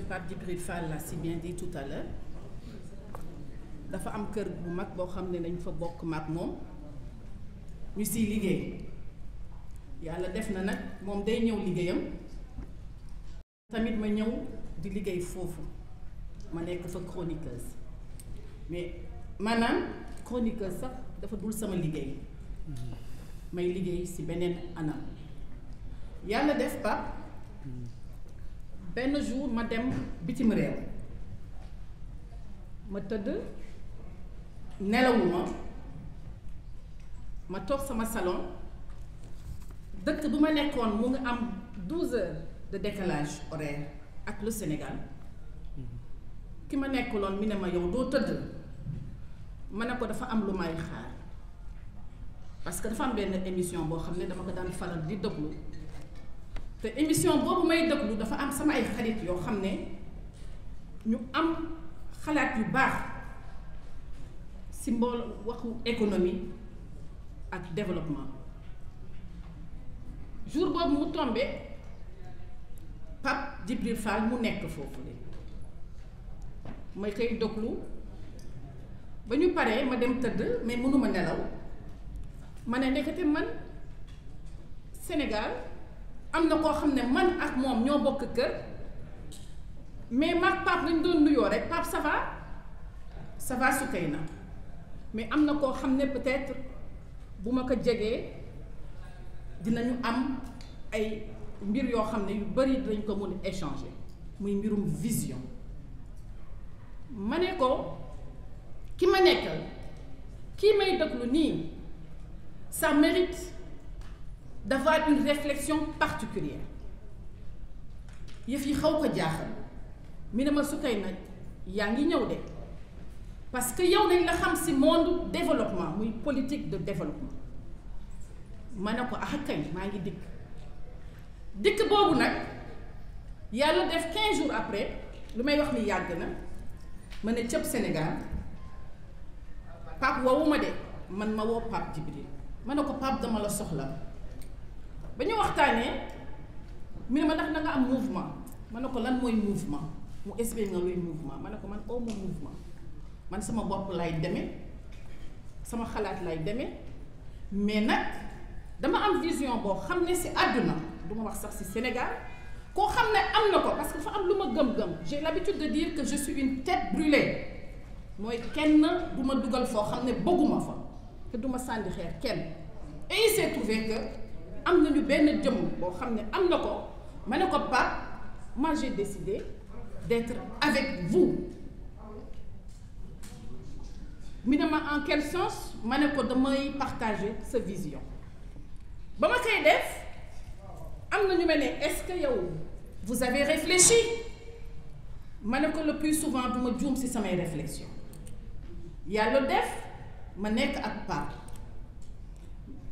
monsieur Pape Djibril l'a si bien dit tout dafa am kër bu mag boo xam ne dañ fa bokk mag moom ñu siy liggéey yàlla def na nag moom day ñëw liggéeyam tamit ma ñëw di liggéey foofu ma nekk fa chroniqueuse mais maanaam chroniqueuse sax dafa dul sama liggéey may liggéey ci beneen anam yàlla def Pape benn jour ma dem bitim réew ma tëdd nelawuma ma toog sama salon dëkk bu ma nekkoon mu nga am douze de décalage horaire ak le Sénégal ki ma nekkuloon mi ne ma yow doo tëdd ma ne ko dafa am lu may xaar parce que dafa am benn émission boo xam ne dama ko daan faral di déglu te émission boobu may déglu dafa am sama ay xarit yoo xam ne ñu am xalaat yu baax si mbool waxu économie ak développement jour boobu mu tombe Pape Djibril Fall mu nekk foofu la may koy déglu ba ñu paree ma dem tëdd mais mënuma nelaw ma ne ndekete man Sénégal am na koo xam ne man ak moom ñoo bokk kër mais maag Pape dañ doon nuyoo rek Pape ça va ça va Soukeyna mais am na koo xam ne peut-être bu ma ko jegee dinañu am ay mbir yoo xam ne yu bari dañ ko mën a échanger muy mbirum vision ma ne ko ki ma nekkal kii may déglu nii ça mérite d'avoir une réflexion particulière yëf yi xaw ko jaaxal mi ne ma su nag yaa ngi ñëw de parce que yow dañ la xam ci monde développement muy politique de développement ma ne ko ah kay maa ngi dikk dikk boobu nag yàlla def 15 jours après lu may wax ni yàgg na ma ne cëpp Sénégal Pape woowu ma de man ma woo Pape Djibril ma ne ko Pape dama la soxla. ba ñu waxtaanee mu ne ma ndax da nga am mouvement ma ne ko lan mooy mouvement mu expliqué nga luy mouvement ma ne ko man aw ma mouvement man sama bopp lay demee sama xalaat lay demee mais nag dama am vision boo xam ne si àdduna du ma wax sax si Sénégal koo xam ne am na ko parce que fa am lu ma gëm-gëm j'ai l'habitude de dire que je suis une tête brûlée mooy kenn du ma dugal foo xam ne bëgguma fa te du ma sànni xeer kenn et il s'est am na nañu benn jëmm boo xam ne am na ko ma ne ko Pape moi j'ai décidé d'être avec vous mi ne ma en quel sens ma ne ko damay partager sa vision ba ma koy def am na ñu mel ne est-ce que yow vous avez réfléchi ma ne ko le plus souvent du ma juum ci samay réflexion yàlla def ma nekk ak Pape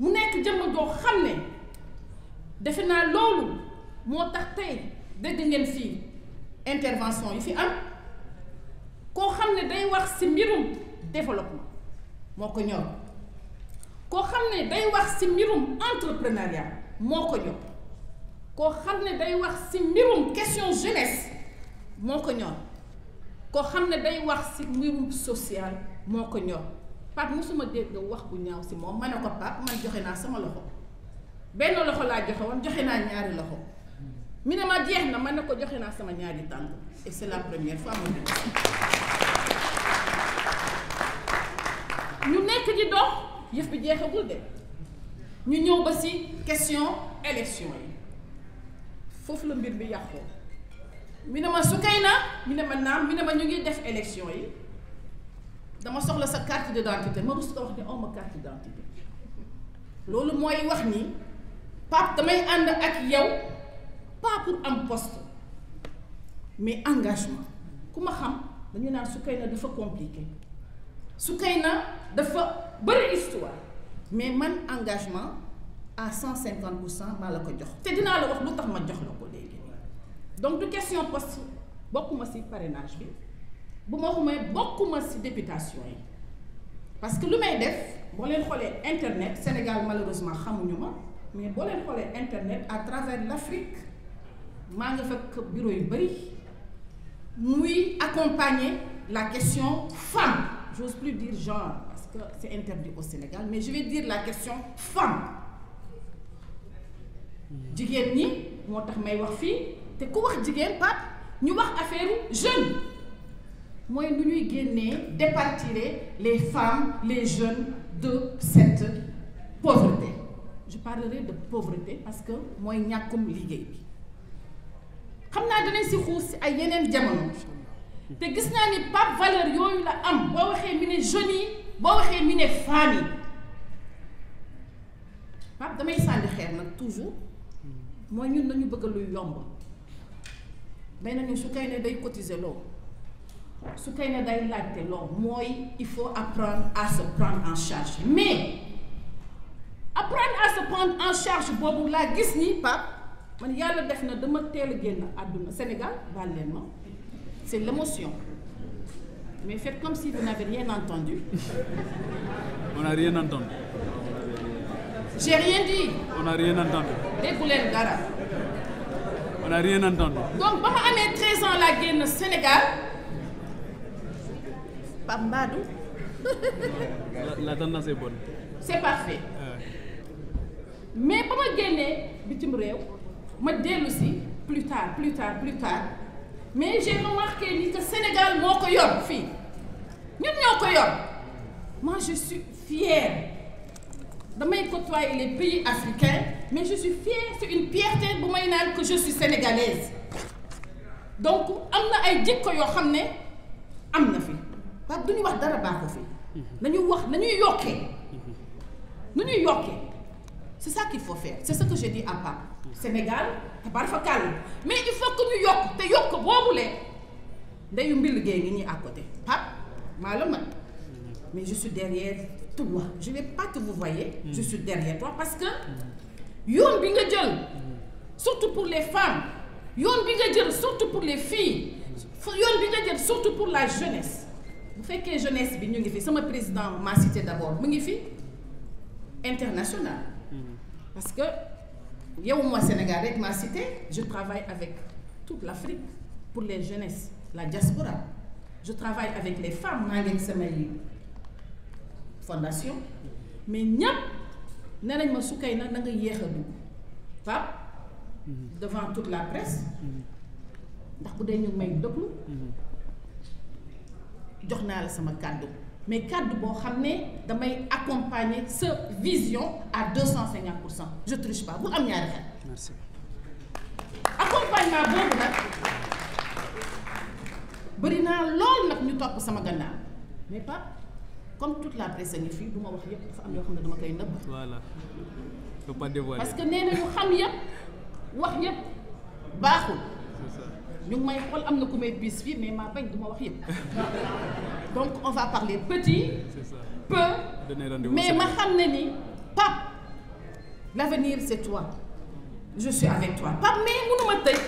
mu nekk jëmm boo xam ne. defe naa loolu moo tax tey dégg ngeen fii intervention yi fi am koo xam ne day wax ci mbirum développement moo ko ñor koo xam ne day wax ci mbirum entrepreneuriat moo ko ñor koo xam ne day wax ci mbirum question jeunesse moo ko ñor koo xam ne day wax ci mbirum social moo ko ñor Pape mosuma dégg wax bu ñaaw si moom ma ne ko Pape man joxe naa sama loxo. benn loxo laa joxe woon joxe naa ñaari loxo mi ne ma jeex na man ne ko joxe naa sama ñaari tànk et c'est la première fois ma ñu nekk di dox yëf bi jeexagul de ñu ñëw ba si question élection yi foofu la mbir bi yàqoo mi ne ma su kay na mi ne ma naam mi ne ma ñu ngi def élection yi dama soxla sa carte d'identité ma rus ko wax ne aw ma carte loolu mooy wax ni Pape damay ànd ak yow pas pour am poste mais engagement ku ma xam dañu naan Soukeyna dafa compliqué Soukeyna dafa bëri histoire mais man engagement à cent cinquante pour cent maa la ko jox te dinaa la wax lu tax ma jox la ko léegi donc du question poste bokkuma si parrainage bi bu ma xumee bokkuma si députation yi parce que lu may def boo leen xoolee internet Sénégal malheureusement xamuñu ma mais boo leen internet à travers l'Afrique maa nga fekk bureau yu bëri muy accompagner la question femme j'ose plus dire genre parce que c'est interdit au Sénégal mais je vais dire la question femme jigéen ñi moo tax may wax fii te ku wax jigéen pap ñu wax affaire jeune mooy nu ñuy génne départir les femmes les jeunes de cette pauvreté parlerai de pauvreté parce que mooy ñàkkum liggéey bi xam naa danañ si xuus si ay yeneen jamono te gis naa ni pape valeur yooyu la am boo waxee mi ne jeunes boo waxee mi ne femmes yi pape damay sànni xeer nag toujours mooy ñun nañu bëgg luy yomb mais nañu su kay ne day cotiser loo su kay ne day laajte loo mooy il faut apprendre à se prendre en charge mais apprendre à se prendre en charge boobu laa gis ni Pape man yàlla def na dama teel a àdduna Sénégal baal leen ma c'est l'émotion mais faites comme si vous n'avez rien entendu. on n'a rien entendu. j'ai rien dit. on n'a rien entendu. déggu leen dara. on n'a rien entendu. donc ba ma amee 13 ans laa génn Sénégal Pape Mbadou. la tendance est c'est parfait. mais ba ma génnee bitim réew ma dellu si plus tard plus tard plus tard mais j'ai remarqué ni que Sénégal moo ko yor fii ñun ñoo ko yor moi je suis fière damay côtoyer les pays africains mais je suis fière c'est une fierté bu may naan que je suis sénégalaise donc am na ay jikko yoo xam ne am na fi waaye du ñu wax dara baaxu fi nañu wax nañuy yokkee nañuy yokkee c'est ça qu'il faut faire c'est ce que je dis à Pape Sénégal tabarfakal mais il faut que ñu yokk te yokk boobulee ndeyu mbill gée ngi ñuy à côté Pape maa la man mais je suis derrière toi je vais pas te vous voyez mm. je derrière toi parce que yoon bi nga jël surtout pour les femmes yoon bi nga jël surtout pour les filles yoon bi nga jël surtout pour la jeunesse bu fekkee jeunesse bi ñu ngi fi sama président ma cité d'abord mu ngi fi international parce que yow moi Sénégal rek ma cité je travaille avec tout la l'Afrique pour les jeunesses la diaspora je travaille avec les femmes maa ngi ak samay fondation mais ñépp ne nañ ma su kay nag da yéex a dugg Pape devant toute la presse ndax bu dee ñu may déglu mm-hmm. jox naa la sama kàddu mais kàddu boo xam ne damay accompagne sa vision à deux cent cinquante pour cent je triche pas bul am ñaari xel. merci accompagnement boobu nag bëri naa lool nag ñu topp sama gannaaw mais pas comme toute la presse a ngi fii du ma wax yëpp dafa am yoo xam ne dama koy nëbb. voilà faut ñu xam yëpp wax yëpp baaxul. ñu may xool am na ku may bis fii mais maa bañ du wax yëpp. donc on va parler petit peu mais ma xam ne ni Pape l'avenir c'est toi je suis avec toi Pape mais mënuma tëj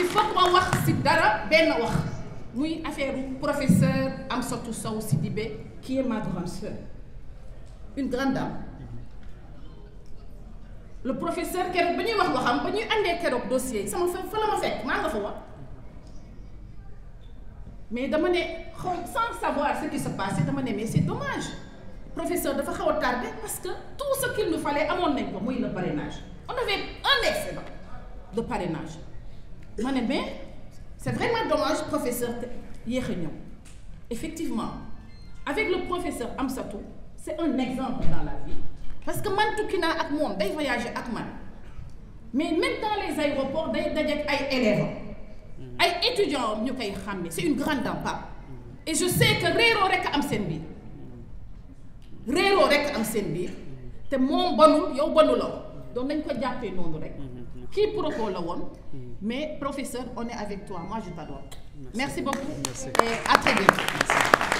il faut ma wax ci dara benn wax muy affaire professeur Amsatou Sow Sidibé qui est ma grande sœur une grande dame le professeur keroog ba ñuy wax waxam ba ñuy àndee keroog dossier yi sama fa fa la ma fekk maa nga fa wax mais dama ne xaw san savoir se qui se passait dama ne mais c'est dommage professeur dafa xaw a tardé parce que tout sa qu'il nous amoon nañ ko muy le parrainage on avait un excellent de parrainage ma ne mais c'est vraiment dommage professeur yéex a ñëw effectivement avec le professeur Amsatou c'est un exemple dans la vie parce que man tukki naa ak moom day voyager ak man mais même dans les aéroports day daje ay élèves ay étudiants ñu koy xàmme c'est une grande dame et je sais que réeroo rek am seen biir réeroo rek am seen biir te moom bonul yow bonu la donc nañ ko jàppee noonu rek kii propos la woon mais professeur on est avec toi moi je t'adore merci beaucoup et à très